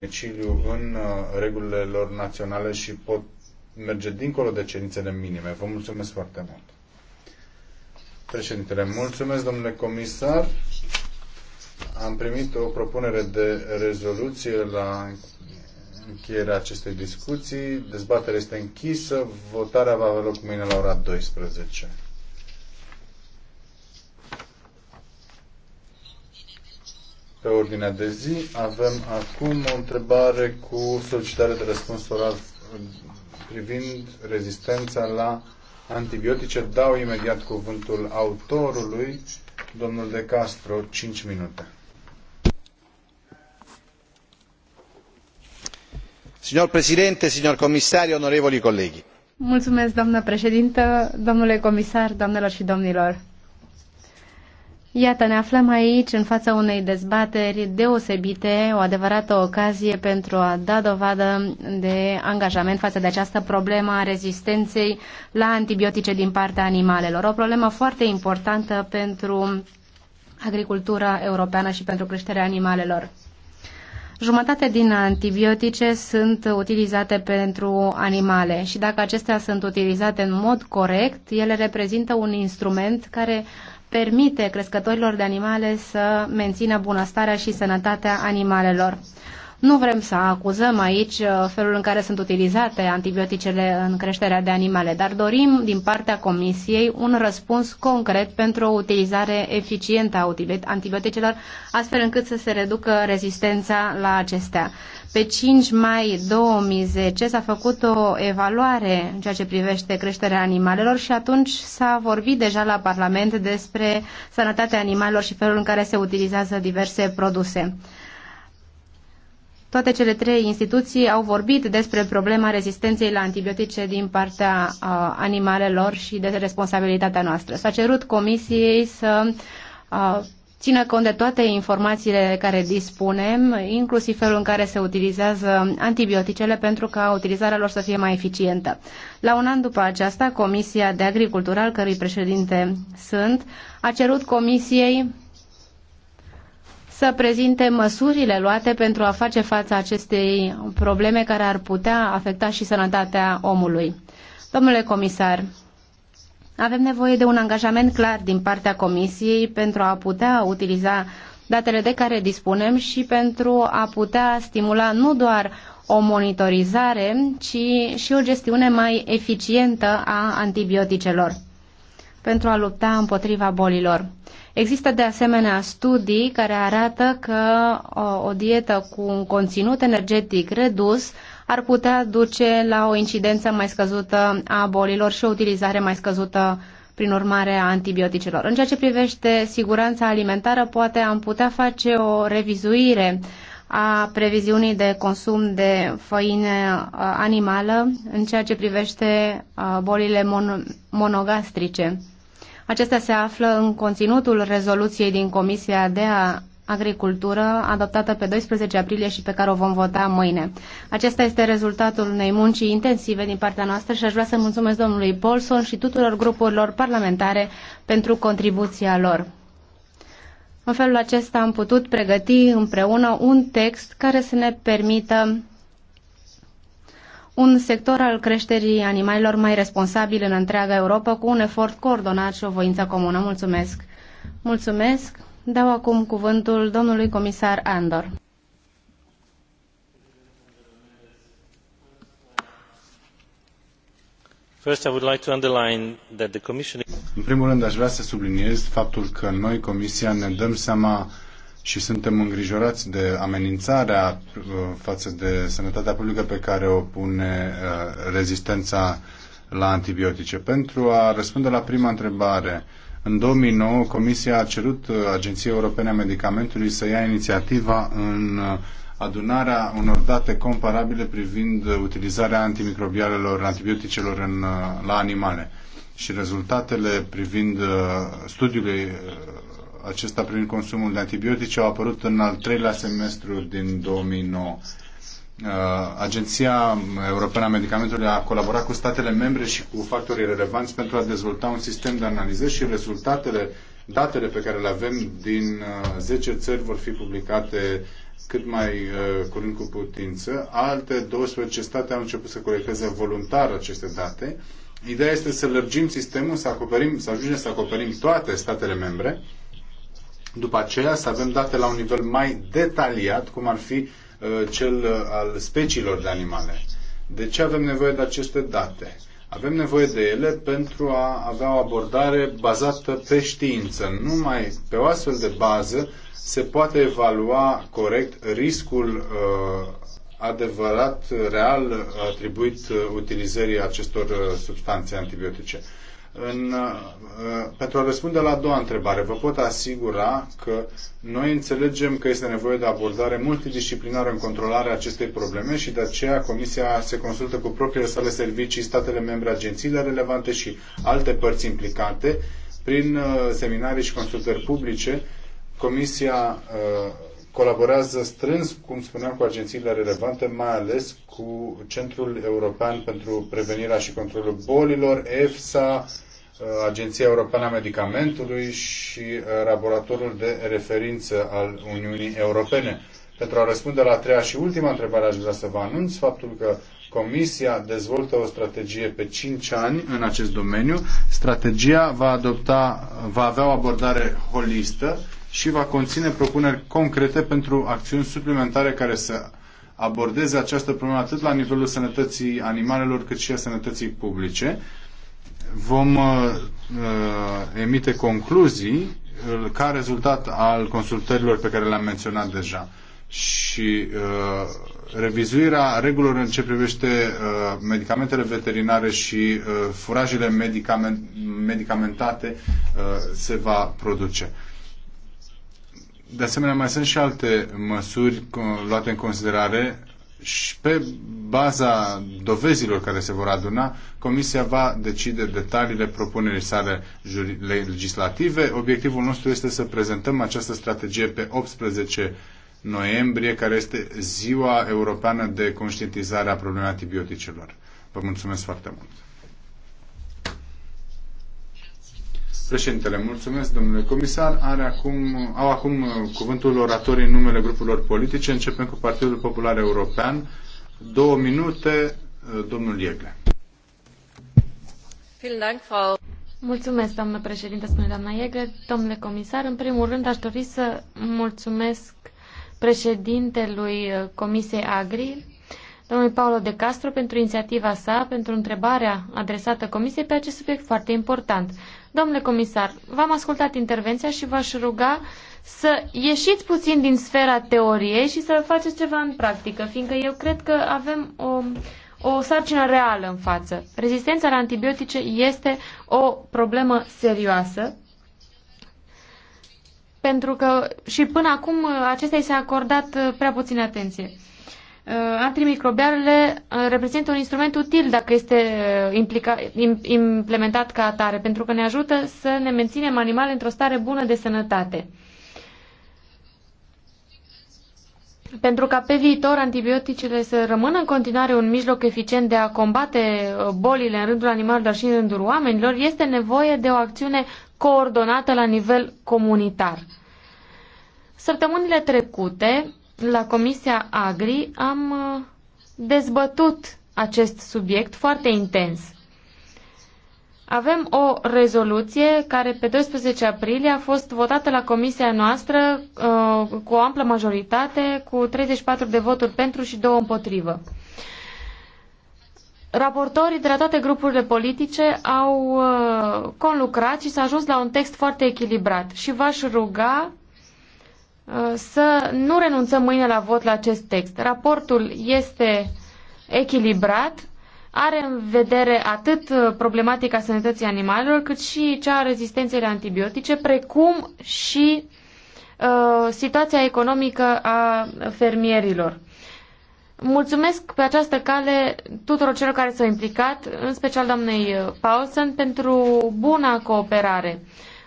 domiciliu în uh, regulile lor naționale și pot merge dincolo de cerințele minime. Vă mulțumesc foarte mult. Președintele, mulțumesc, domnule comisar. Am primit o propunere de rezoluție la încheierea acestei discuții. Dezbaterea este închisă. Votarea va avea loc mâine la ora 12. pe ordinea de zi. Avem acum o întrebare cu solicitare de răspuns oral privind rezistența la antibiotice. Dau imediat cuvântul autorului, domnul De Castro, 5 minute. Signor Presidente, signor comisar, onorevoli colegi. Mulțumesc, doamnă președintă, domnule comisar, doamnelor și domnilor. Iată, ne aflăm aici în fața unei dezbateri deosebite, o adevărată ocazie pentru a da dovadă de angajament față de această problemă a rezistenței la antibiotice din partea animalelor. O problemă foarte importantă pentru agricultura europeană și pentru creșterea animalelor. Jumătate din antibiotice sunt utilizate pentru animale și dacă acestea sunt utilizate în mod corect, ele reprezintă un instrument care permite crescătorilor de animale să mențină bunăstarea și sănătatea animalelor. Nu vrem să acuzăm aici uh, felul în care sunt utilizate antibioticele în creșterea de animale, dar dorim din partea Comisiei un răspuns concret pentru o utilizare eficientă a antibioticelor, astfel încât să se reducă rezistența la acestea. Pe 5 mai 2010 s-a făcut o evaluare în ceea ce privește creșterea animalelor și atunci s-a vorbit deja la Parlament despre sănătatea animalelor și felul în care se utilizează diverse produse. Toate cele trei instituții au vorbit despre problema rezistenței la antibiotice din partea uh, animalelor și de responsabilitatea noastră. S-a cerut comisiei să uh, țină cont de toate informațiile care dispunem, inclusiv felul în care se utilizează antibioticele pentru ca utilizarea lor să fie mai eficientă. La un an după aceasta, Comisia de Agricultură, al cărui președinte sunt, a cerut Comisiei să prezinte măsurile luate pentru a face față acestei probleme care ar putea afecta și sănătatea omului. Domnule comisar, avem nevoie de un angajament clar din partea Comisiei pentru a putea utiliza datele de care dispunem și pentru a putea stimula nu doar o monitorizare, ci și o gestiune mai eficientă a antibioticelor pentru a lupta împotriva bolilor. Există de asemenea studii care arată că o, o dietă cu un conținut energetic redus ar putea duce la o incidență mai scăzută a bolilor și o utilizare mai scăzută prin urmare a antibioticelor. În ceea ce privește siguranța alimentară, poate am putea face o revizuire a previziunii de consum de făină animală în ceea ce privește bolile mon- monogastrice. Acestea se află în conținutul rezoluției din Comisia de Agricultură adoptată pe 12 aprilie și pe care o vom vota mâine. Acesta este rezultatul unei munci intensive din partea noastră și aș vrea să mulțumesc domnului Paulson și tuturor grupurilor parlamentare pentru contribuția lor. În felul acesta am putut pregăti împreună un text care să ne permită un sector al creșterii animalelor mai responsabil în întreaga Europa cu un efort coordonat și o voință comună. Mulțumesc! Mulțumesc! Dau acum cuvântul domnului comisar Andor. First, I would like to underline that the commission... În primul rând, aș vrea să subliniez faptul că noi, Comisia, ne dăm seama și suntem îngrijorați de amenințarea uh, față de sănătatea publică pe care o pune uh, rezistența la antibiotice. Pentru a răspunde la prima întrebare, în 2009 Comisia a cerut uh, Agenției Europene a Medicamentului să ia inițiativa în adunarea unor date comparabile privind utilizarea antimicrobialelor, antibioticelor în, la animale. Și rezultatele privind studiului acesta prin consumul de antibiotice au apărut în al treilea semestru din 2009. Uh, Agenția Europeană a Medicamentului a colaborat cu statele membre și cu factorii relevanți pentru a dezvolta un sistem de analiză și rezultatele, datele pe care le avem din 10 uh, țări vor fi publicate cât mai uh, curând cu putință. Alte 12 state au început să colecteze voluntar aceste date. Ideea este să lărgim sistemul, să acoperim, să ajungem să acoperim toate statele membre după aceea să avem date la un nivel mai detaliat, cum ar fi uh, cel uh, al speciilor de animale. De ce avem nevoie de aceste date? Avem nevoie de ele pentru a avea o abordare bazată pe știință. Numai pe o astfel de bază se poate evalua corect riscul uh, adevărat, real, uh, atribuit utilizării acestor substanțe antibiotice. În, uh, pentru a răspunde la a doua întrebare, vă pot asigura că noi înțelegem că este nevoie de abordare multidisciplinară în controlarea acestei probleme și de aceea Comisia se consultă cu propriile sale servicii, statele membre, agențiile relevante și alte părți implicate prin uh, seminarii și consultări publice. Comisia uh, colaborează strâns, cum spuneam, cu agențiile relevante, mai ales cu Centrul European pentru Prevenirea și Controlul Bolilor, EFSA, Uh, Agenția Europeană a Medicamentului și laboratorul uh, de referință al Uniunii Europene. Pentru a răspunde la a treia și ultima întrebare, aș vrea să vă anunț faptul că Comisia dezvoltă o strategie pe 5 ani în acest domeniu. Strategia va, adopta, va avea o abordare holistă și va conține propuneri concrete pentru acțiuni suplimentare care să abordeze această problemă atât la nivelul sănătății animalelor cât și a sănătății publice vom uh, uh, emite concluzii uh, ca rezultat al consultărilor pe care le-am menționat deja. Și uh, revizuirea regulilor în ce privește uh, medicamentele veterinare și uh, furajele medicament, medicamentate uh, se va produce. De asemenea, mai sunt și alte măsuri uh, luate în considerare și pe baza dovezilor care se vor aduna, Comisia va decide detaliile propunerii sale legislative. Obiectivul nostru este să prezentăm această strategie pe 18 noiembrie, care este ziua europeană de conștientizare a problemei antibioticelor. Vă mulțumesc foarte mult! Președintele, mulțumesc, domnule comisar. Are acum, au acum uh, cuvântul oratorii în numele grupurilor politice. Începem cu Partidul Popular European. Două minute, uh, domnul Iegle. Mulțumesc, doamnă președinte, spune doamna Iegle. Domnule comisar, în primul rând aș dori să mulțumesc președintelui uh, Comisiei Agri domnului Paolo de Castro pentru inițiativa sa, pentru întrebarea adresată Comisiei pe acest subiect foarte important. Domnule comisar, v-am ascultat intervenția și v-aș ruga să ieșiți puțin din sfera teoriei și să faceți ceva în practică, fiindcă eu cred că avem o, o sarcină reală în față. Rezistența la antibiotice este o problemă serioasă, pentru că și până acum acestei s-a acordat prea puțină atenție. Uh, antimicrobialele uh, reprezintă un instrument util dacă este uh, implica, implementat ca atare, pentru că ne ajută să ne menținem animale într-o stare bună de sănătate. Pentru ca pe viitor antibioticele să rămână în continuare un mijloc eficient de a combate bolile în rândul animalelor, dar și în rândul oamenilor, este nevoie de o acțiune coordonată la nivel comunitar. Săptămânile trecute, la Comisia Agri am uh, dezbătut acest subiect foarte intens. Avem o rezoluție care pe 12 aprilie a fost votată la comisia noastră uh, cu o amplă majoritate, cu 34 de voturi pentru și 2 împotrivă. Raportorii de la toate grupurile politice au uh, conlucrat și s-a ajuns la un text foarte echilibrat și v-aș ruga să nu renunțăm mâine la vot la acest text. Raportul este echilibrat, are în vedere atât uh, problematica sănătății animalelor, cât și cea a rezistenței la antibiotice, precum și uh, situația economică a fermierilor. Mulțumesc pe această cale tuturor celor care s-au implicat, în special doamnei uh, Paulsen, pentru buna cooperare.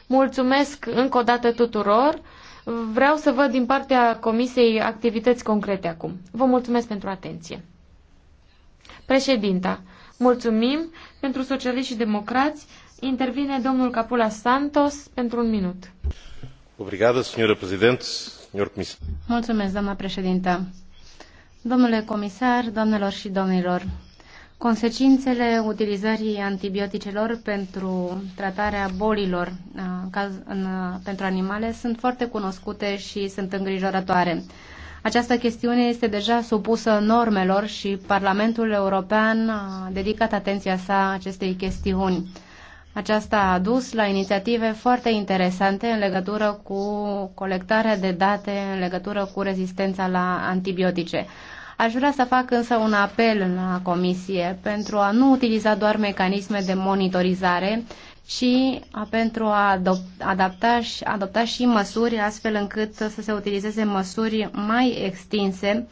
Mulțumesc încă o dată tuturor. Vreau să văd din partea Comisiei activități concrete acum. Vă mulțumesc pentru atenție. Președinta, mulțumim pentru socialiști și democrați. Intervine domnul Capula Santos pentru un minut. Obrigada, senhora Presidente, senhor Comissário. Mulțumesc, doamna președintă. Domnule comisar, doamnelor și domnilor, Consecințele utilizării antibioticelor pentru tratarea bolilor în, pentru animale sunt foarte cunoscute și sunt îngrijorătoare. Această chestiune este deja supusă normelor și Parlamentul European a dedicat atenția sa acestei chestiuni. Aceasta a dus la inițiative foarte interesante în legătură cu colectarea de date în legătură cu rezistența la antibiotice. Aș vrea să fac însă un apel la Comisie pentru a nu utiliza doar mecanisme de monitorizare, a, pentru a adapta și, adopta și măsuri astfel încât să se utilizeze măsuri mai extinse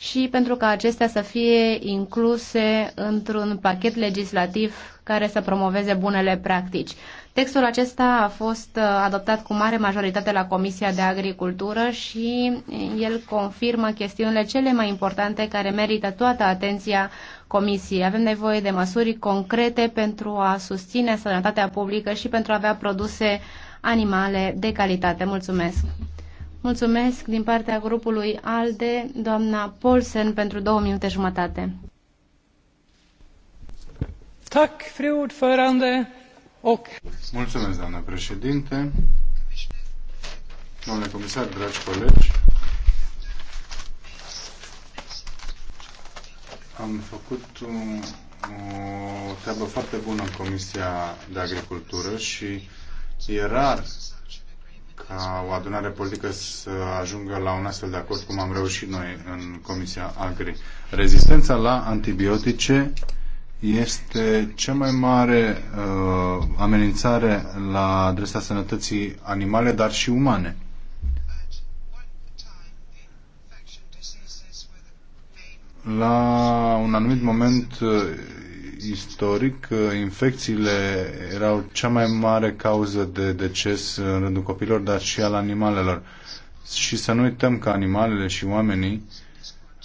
și pentru ca acestea să fie incluse într-un pachet legislativ care să promoveze bunele practici. Textul acesta a fost uh, adoptat cu mare majoritate la Comisia de Agricultură și el confirmă chestiunile cele mai importante care merită toată atenția Comisiei. Avem nevoie de măsuri concrete pentru a susține sănătatea publică și pentru a avea produse animale de calitate. Mulțumesc! Mulțumesc din partea grupului ALDE, doamna Polsen, pentru două minute jumătate. Tak, fru ordförande, och... Mulțumesc, doamna președinte, domnule comisar, dragi colegi. Am făcut un, o treabă foarte bună în Comisia de Agricultură și e rar ca o adunare politică să ajungă la un astfel de acord cum am reușit noi în Comisia Agri. Rezistența la antibiotice este cea mai mare uh, amenințare la adresa sănătății animale, dar și umane. La un anumit moment uh, istoric, infecțiile erau cea mai mare cauză de deces în rândul copilor, dar și al animalelor. Și să nu uităm că animalele și oamenii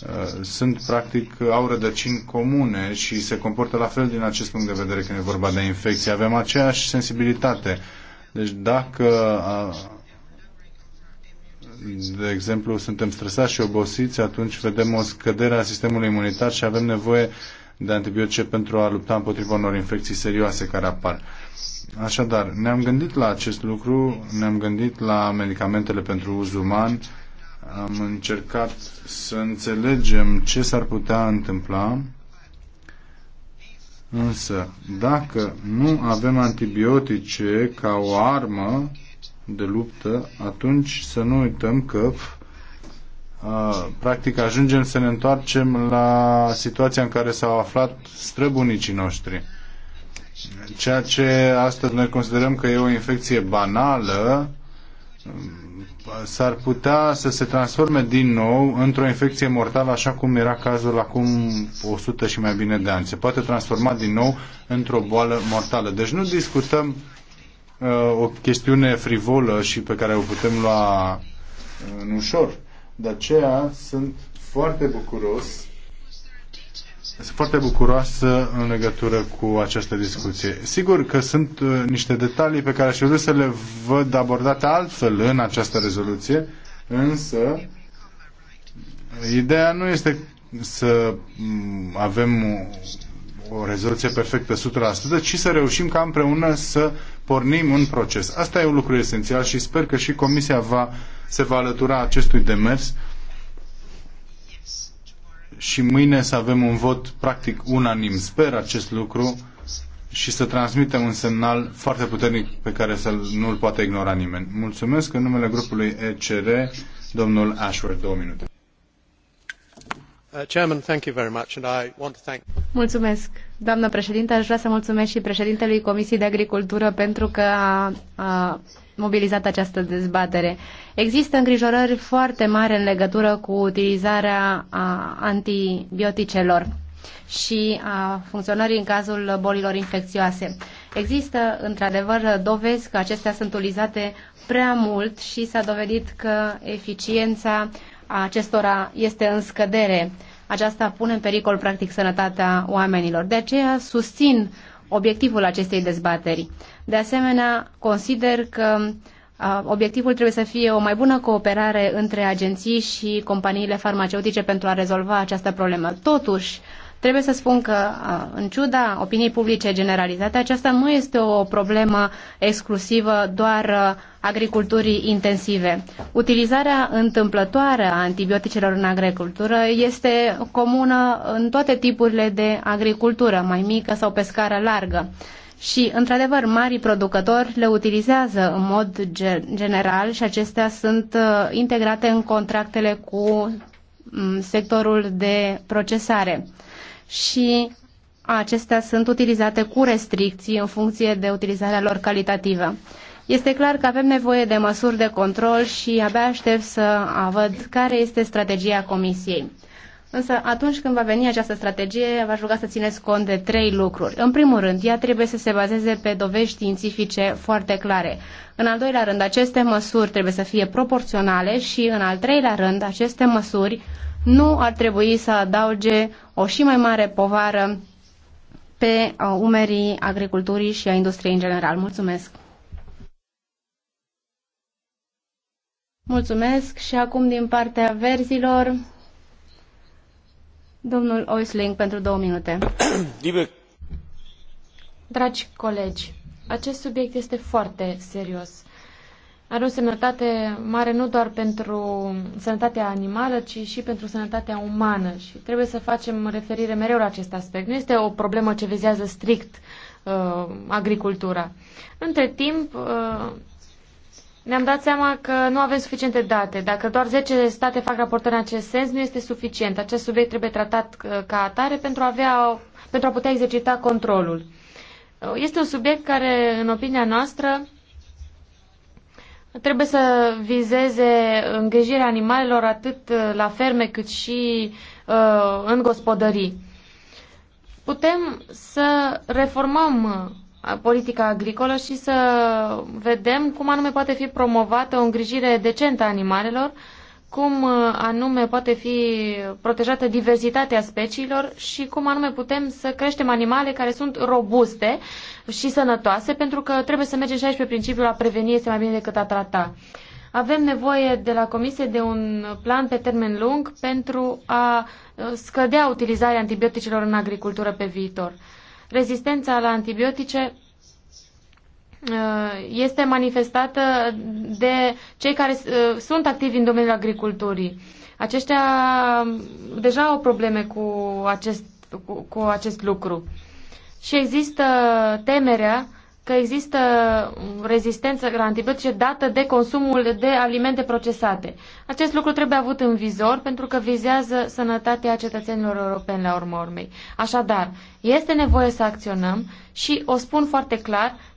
uh, sunt practic, au rădăcini comune și se comportă la fel din acest punct de vedere când e vorba de infecție. Avem aceeași sensibilitate. Deci dacă uh, de exemplu, suntem stresați și obosiți, atunci vedem o scădere a sistemului imunitar și avem nevoie de antibiotice pentru a lupta împotriva unor infecții serioase care apar. Așadar, ne-am gândit la acest lucru, ne-am gândit la medicamentele pentru uz uman, am încercat să înțelegem ce s-ar putea întâmpla, însă dacă nu avem antibiotice ca o armă de luptă, atunci să nu uităm că practic ajungem să ne întoarcem la situația în care s-au aflat străbunicii noștri. Ceea ce astăzi noi considerăm că e o infecție banală, mm, s-ar putea să se transforme din nou într-o infecție mortală, așa cum era cazul acum 100 și mai bine de ani. Se poate transforma din nou într-o boală mortală. Deci nu discutăm uh, o chestiune frivolă și pe care o putem lua uh, în ușor. De aceea sunt foarte bucuros sunt foarte bucuroasă în legătură cu această discuție. Sigur că sunt uh, niște detalii pe care aș vrea să le văd abordate altfel în această rezoluție, însă ideea nu este să mm, avem o rezoluție perfectă 100%, ci să reușim ca împreună să pornim un proces. Asta e un lucru esențial și sper că și Comisia va, se va alătura acestui demers și mâine să avem un vot practic unanim. Sper acest lucru și să transmitem un semnal foarte puternic pe care să nu-l poate ignora nimeni. Mulțumesc în numele grupului ECR, domnul Ashworth, două minute. Uh, doamnă președinte. Aș vrea să mulțumesc și președintelui Comisiei de Agricultură pentru că a, mobilizat această dezbatere. Există îngrijorări foarte mari în legătură cu utilizarea antibioticelor și a funcționării în cazul bolilor infecțioase. Există, într-adevăr, dovezi că acestea sunt utilizate prea mult și s-a dovedit că eficiența uh, a acestora este în scădere. Aceasta pune în pericol, practic, sănătatea oamenilor. De aceea susțin obiectivul acestei dezbateri. De asemenea, consider că obiectivul trebuie să fie o mai bună cooperare între agenții și companiile farmaceutice pentru a rezolva această problemă. Totuși, Trebuie să spun că, în ciuda opiniei publice generalizate, aceasta nu este o problemă exclusivă doar agriculturii intensive. Utilizarea întâmplătoare a antibioticelor în agricultură este comună în toate tipurile de agricultură, mai mică sau pe scară largă. Și, într-adevăr, marii producători le utilizează în mod general și acestea sunt integrate în contractele cu sectorul de procesare și acestea sunt utilizate cu restricții în funcție de utilizarea lor calitativă. Este clar că avem nevoie de măsuri de control și abia aștept să văd care este strategia Comisiei. Însă atunci când va veni această strategie, v-aș ruga să țineți cont de trei lucruri. În primul rând, ea trebuie să se bazeze pe dovești științifice foarte clare. În al doilea rând, aceste măsuri trebuie să fie proporționale și, în al treilea rând, aceste măsuri nu ar trebui să adauge o și mai mare povară pe uh, umerii agriculturii și a industriei în general. Mulțumesc! Mulțumesc și acum din partea verzilor, domnul Oisling pentru două minute. Dragi colegi, acest subiect este foarte serios are o semnătate mare nu doar pentru sănătatea animală, ci și pentru sănătatea umană și trebuie să facem referire mereu la acest aspect. Nu este o problemă ce vizează strict uh, agricultura. Între timp, uh, ne-am dat seama că nu avem suficiente date. Dacă doar 10 state fac raportări în acest sens, nu este suficient. Acest subiect trebuie tratat uh, ca atare pentru a, avea, pentru a putea exercita controlul. Uh, este un subiect care, în opinia noastră, trebuie să vizeze îngrijirea animalelor atât uh, la ferme cât și uh, în gospodării. Putem să reformăm uh, politica agricolă și să vedem cum anume poate fi promovată o îngrijire decentă a animalelor uh, cum uh, anume poate fi protejată diversitatea speciilor și cum anume putem să creștem animale care sunt robuste și sănătoase, pentru că trebuie să mergem și aici pe principiul a preveni este mai bine decât a trata. Avem nevoie de la Comisie de un plan pe termen lung pentru a uh, scădea utilizarea antibioticelor în agricultură pe viitor. Rezistența la antibiotice Uh, este manifestată de cei care uh, sunt activi în domeniul agriculturii. Aceștia deja au probleme cu acest, cu, cu acest lucru. Și există temerea că există rezistență la antibiotice dată de consumul de alimente procesate. Acest lucru trebuie avut în vizor pentru că vizează sănătatea cetățenilor europeni la urma urmei. Așadar, este nevoie să acționăm și o spun foarte clar,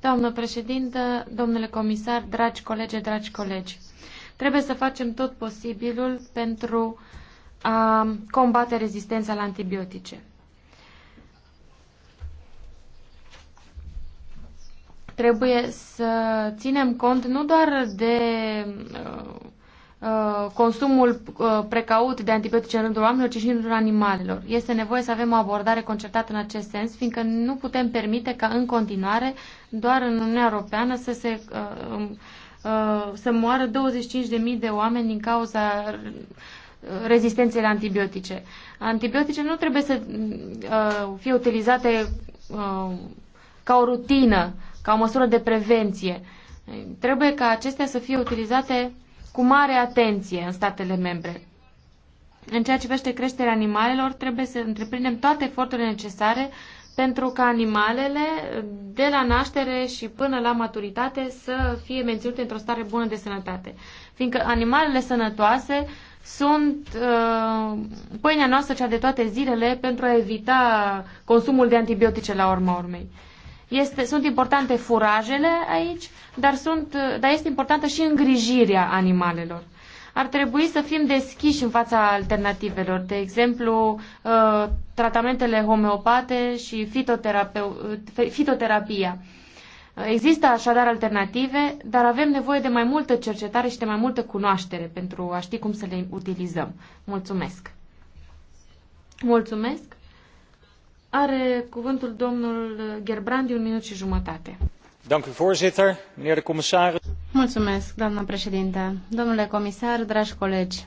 Doamnă președintă, domnule comisar, dragi colegi, dragi colegi, trebuie să facem tot posibilul pentru a combate rezistența la antibiotice. Trebuie să ținem cont nu doar de uh, Uh, consumul uh, precaut de antibiotice în rândul oamenilor, ci și în rândul animalelor. Este nevoie să avem o abordare concertată în acest sens, fiindcă nu putem permite ca în continuare, doar în Uniunea Europeană, să se uh, um, să moară 25.000 de oameni din cauza rezistenței la antibiotice. Antibiotice nu trebuie să fie utilizate ca o rutină, ca o măsură de prevenție. Trebuie ca acestea să fie utilizate cu mare atenție în statele membre. În ceea ce privește creșterea animalelor, trebuie să întreprindem toate eforturile necesare pentru ca animalele de la naștere și până la maturitate să fie menținute într-o stare bună de sănătate. Fiindcă animalele sănătoase sunt uh, pâinea noastră cea de toate zilele pentru a evita consumul de antibiotice la urma urmei. Este, sunt importante furajele aici, dar, sunt, dar este importantă și îngrijirea animalelor. Ar trebui să fim deschiși în fața alternativelor, de exemplu, uh, tratamentele homeopate și fitoterapia. Există așadar alternative, dar avem nevoie de mai multă cercetare și de mai multă cunoaștere pentru a ști cum să le utilizăm. Mulțumesc! Mulțumesc! Are cuvântul domnul Gerbrandi un minut și jumătate. Mulțumesc, doamnă președinte. Domnule comisar, dragi colegi,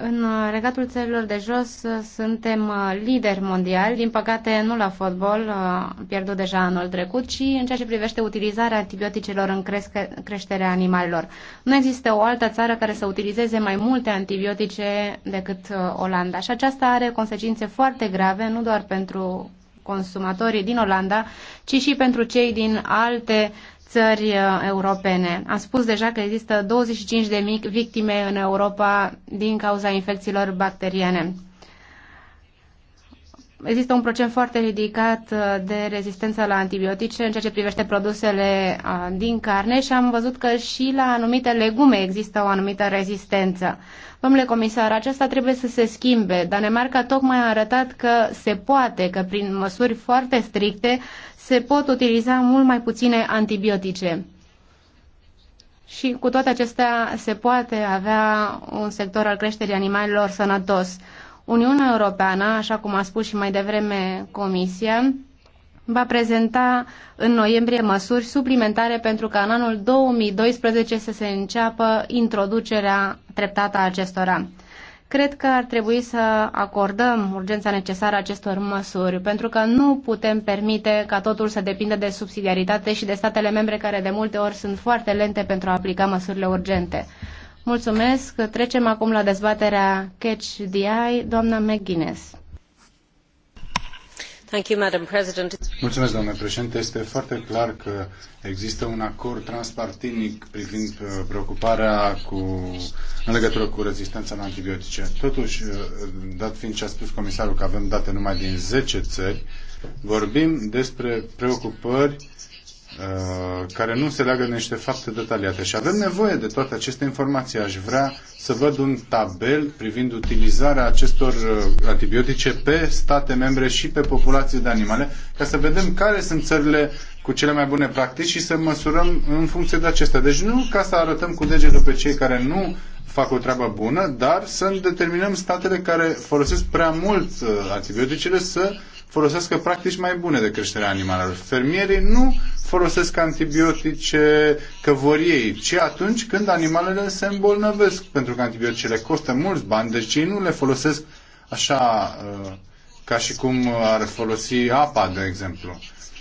în regatul țărilor de jos uh, suntem uh, lideri mondiali, din păcate nu la fotbal, uh, pierdut deja anul trecut, ci în ceea ce privește utilizarea antibioticelor în creșterea animalelor. Nu există o altă țară care să utilizeze mai multe antibiotice decât Olanda și aceasta are consecințe foarte grave, nu doar pentru consumatorii din Olanda, ci și pentru cei din alte țări uh, europene. Am spus deja că există 25 de mic victime în Europa din cauza infecțiilor bacteriene. Există un procent foarte ridicat uh, de rezistență la antibiotice în ceea ce privește produsele uh, din carne și am văzut că și la anumite legume există o anumită rezistență. Domnule comisar, aceasta trebuie să se schimbe. Danemarca tocmai a arătat că se poate, că prin măsuri foarte stricte se pot utiliza mult mai puține antibiotice. Și cu toate acestea se poate avea un sector al creșterii animalelor sănătos. Uniunea Europeană, așa cum a spus și mai devreme Comisia, va prezenta în noiembrie măsuri suplimentare pentru ca în anul 2012 să se înceapă introducerea treptată a acestora. Cred că ar trebui să acordăm urgența necesară acestor măsuri, pentru că nu putem permite ca totul să depindă de subsidiaritate și de statele membre care de multe ori sunt foarte lente pentru a aplica măsurile urgente. Mulțumesc. Trecem acum la dezbaterea Catch the Eye, doamna McGuinness. Mulțumesc, domnule președinte. Este foarte clar că există un acord transpartinic privind uh, preocuparea cu, în legătură cu rezistența la antibiotice. Totuși, uh, dat fiind ce a spus comisarul că avem date numai din zece țări, vorbim despre preocupări Uh, care nu se leagă de niște fapte detaliate. Și avem nevoie de toate aceste informații. Aș vrea să văd un tabel privind utilizarea acestor uh, antibiotice pe state membre și pe populații de animale, ca să vedem care sunt țările cu cele mai bune practici și să măsurăm în funcție de acestea. Deci nu ca să arătăm cu degetul pe cei care nu fac o treabă bună, dar să determinăm statele care folosesc prea mult uh, antibioticele să uh, folosească practici mai bune de creștere a animalelor. Fermierii nu folosesc antibiotice ei, ci atunci când animalele se îmbolnăvesc, pentru că antibioticele costă mulți bani, deci ei nu le folosesc așa uh, ca și cum ar folosi apa, de exemplu.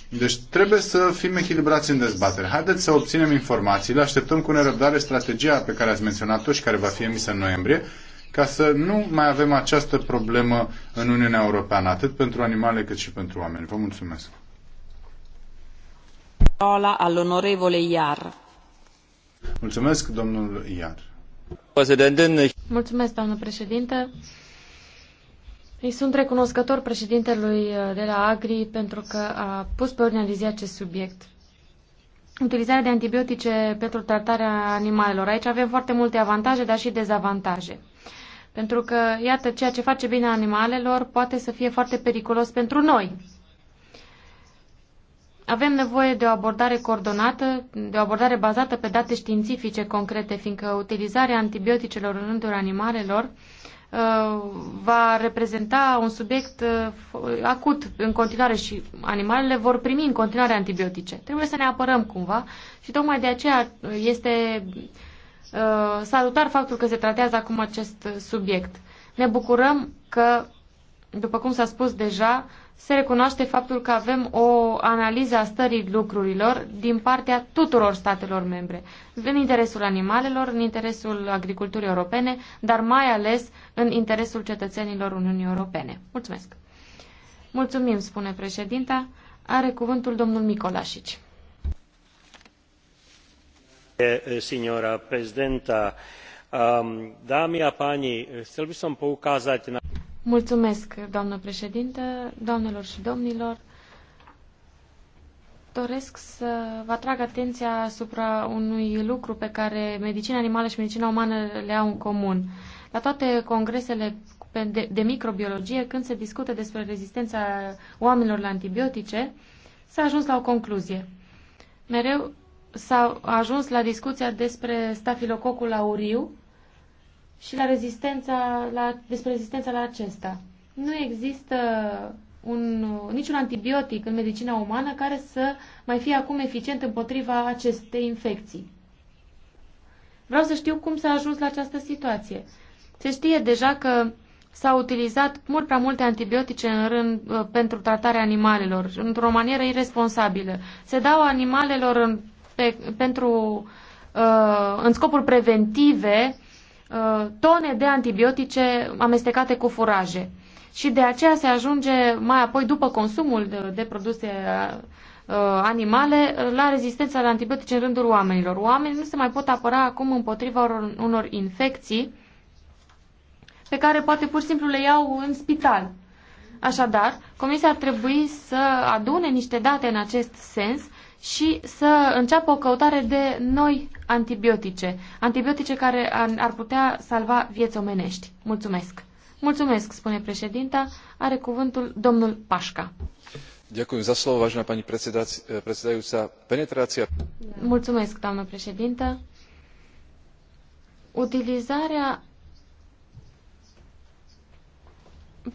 Deci trebuie să fim echilibrați în dezbatere. Haideți să obținem informațiile, așteptăm cu nerăbdare strategia pe care ați menționat-o și care va fi emisă în noiembrie ca să nu mai avem această problemă în Uniunea Europeană, atât pentru animale cât și pentru oameni. Vă mulțumesc. Parola all'onorevole Iar. Mulțumesc, domnul Iar. Mulțumesc, doamnă președinte. Îi sunt recunoscător președintelui de la Agri pentru că a pus pe ordinea de zi acest subiect. Utilizarea de antibiotice pentru tratarea animalelor. Aici avem foarte multe avantaje, dar și dezavantaje. Pentru că, iată, ceea ce face bine animalelor poate să fie foarte periculos pentru noi. Avem nevoie de o abordare coordonată, de o abordare bazată pe date științifice concrete, fiindcă utilizarea antibioticelor în rândul animalelor uh, va reprezenta un subiect uh, acut în continuare și animalele vor primi în continuare antibiotice. Trebuie să ne apărăm cumva și tocmai de aceea este Uh, salutar faptul că se tratează acum acest subiect. Ne bucurăm că, după cum s-a spus deja, se recunoaște faptul că avem o analiză a stării lucrurilor din partea tuturor statelor membre, în interesul animalelor, în interesul agriculturii europene, dar mai ales în interesul cetățenilor Uniunii Europene. Mulțumesc! Mulțumim, spune președinta. Are cuvântul domnul Micolașici a chcel by som poukázať na... Mulțumesc, și domnilor. Doresc să vă atrag atenția asupra unui lucru pe care medicina animală și medicina umană le au în comun. La toate congresele de, de microbiologie, când se discută despre rezistența oamenilor la antibiotice, s-a ajuns la o concluzie. Mereu s-a ajuns la discuția despre stafilococul auriu și la rezistența, la, despre rezistența la acesta. Nu există un, niciun antibiotic în medicina umană care să mai fie acum eficient împotriva acestei infecții. Vreau să știu cum s-a ajuns la această situație. Se știe deja că s-au utilizat mult prea multe antibiotice în rând uh, pentru tratarea animalelor, într-o manieră irresponsabilă. Se dau animalelor în pe, pentru, uh, în scopuri preventive uh, tone de antibiotice amestecate cu furaje. Și de aceea se ajunge mai apoi, după consumul de, de produse uh, animale, la rezistența la antibiotice în rândul oamenilor. Oamenii nu se mai pot apăra acum împotriva unor infecții pe care poate pur și simplu le iau în spital. Așadar, Comisia ar trebui să adune niște date în acest sens și să înceapă o căutare de noi antibiotice, antibiotice care ar putea salva vieți omenești. Mulțumesc! Mulțumesc, spune președinta. Are cuvântul domnul Pașca. Ďakujem za slovo, vážená pani predsedajúca. Penetrácia... Mulțumesc, doamnă președintă. Utilizarea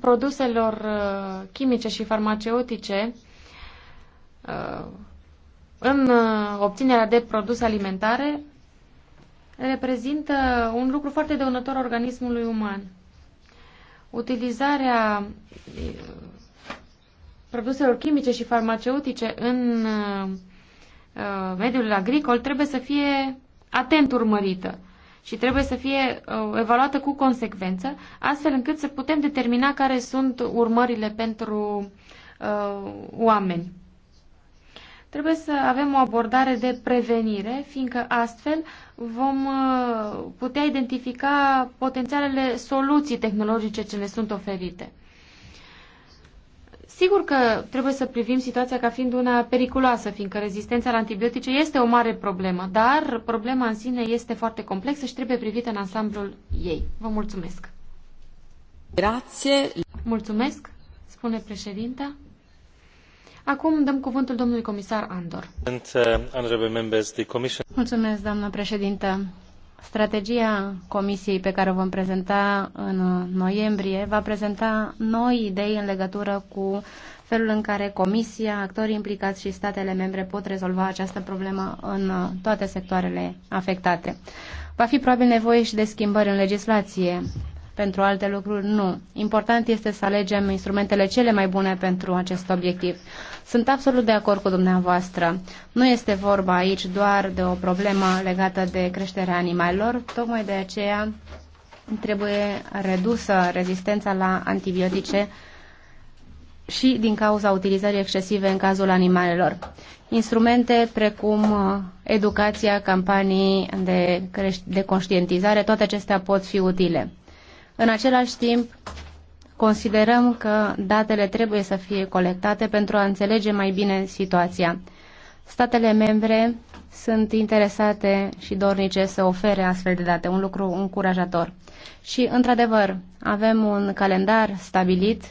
produselor uh, chimice și farmaceutice uh, în uh, obținerea de produse alimentare reprezintă un lucru foarte dăunător organismului uman. Utilizarea uh, produselor chimice și farmaceutice în uh, mediul agricol trebuie să fie atent urmărită și trebuie să fie evaluată cu consecvență, astfel încât să putem determina care sunt urmările pentru uh, oameni. Trebuie să avem o abordare de prevenire, fiindcă astfel vom uh, putea identifica potențialele soluții tehnologice ce ne sunt oferite. Sigur că trebuie să privim situația ca fiind una periculoasă, fiindcă rezistența la antibiotice este o mare problemă, dar problema în sine este foarte complexă și trebuie privită în ansamblul ei. Vă mulțumesc! Grazie. Mulțumesc, spune președinta. Acum dăm cuvântul domnului comisar Andor. Mulțumesc, doamnă președintă. Strategia comisiei pe care o vom prezenta în noiembrie va prezenta noi idei în legătură cu felul în care comisia, actorii implicați și statele membre pot rezolva această problemă în toate sectoarele afectate. Va fi probabil nevoie și de schimbări în legislație pentru alte lucruri nu. Important este să alegem instrumentele cele mai bune pentru acest obiectiv. Sunt absolut de acord cu dumneavoastră. Nu este vorba aici doar de o problemă legată de creșterea animalelor, tocmai de aceea trebuie redusă rezistența la antibiotice și din cauza utilizării excesive în cazul animalelor. Instrumente precum uh, educația, campanii de, de conștientizare, toate acestea pot fi utile. În același timp, considerăm că datele trebuie să fie colectate pentru a înțelege mai bine situația. Statele membre sunt interesate și dornice să ofere astfel de date, un lucru încurajator. Și, într-adevăr, avem un calendar stabilit,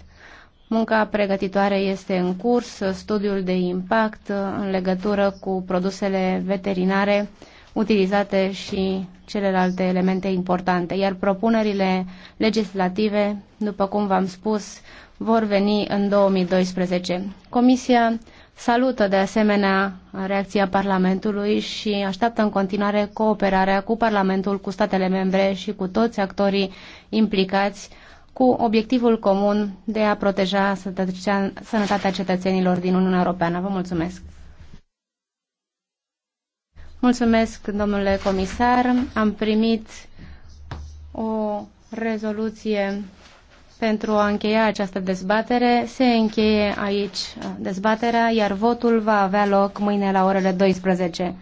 munca pregătitoare este în curs, studiul de impact în legătură cu produsele veterinare, utilizate și celelalte elemente importante, iar propunerile legislative, după cum v-am spus, vor veni în 2012. Comisia salută de asemenea reacția Parlamentului și așteaptă în continuare cooperarea cu Parlamentul, cu statele membre și cu toți actorii implicați cu obiectivul comun de a proteja sănătatea cetățenilor din Uniunea Europeană. Vă mulțumesc! Mulțumesc, domnule comisar. Am primit o rezoluție pentru a încheia această dezbatere. Se încheie aici dezbaterea, iar votul va avea loc mâine la orele 12.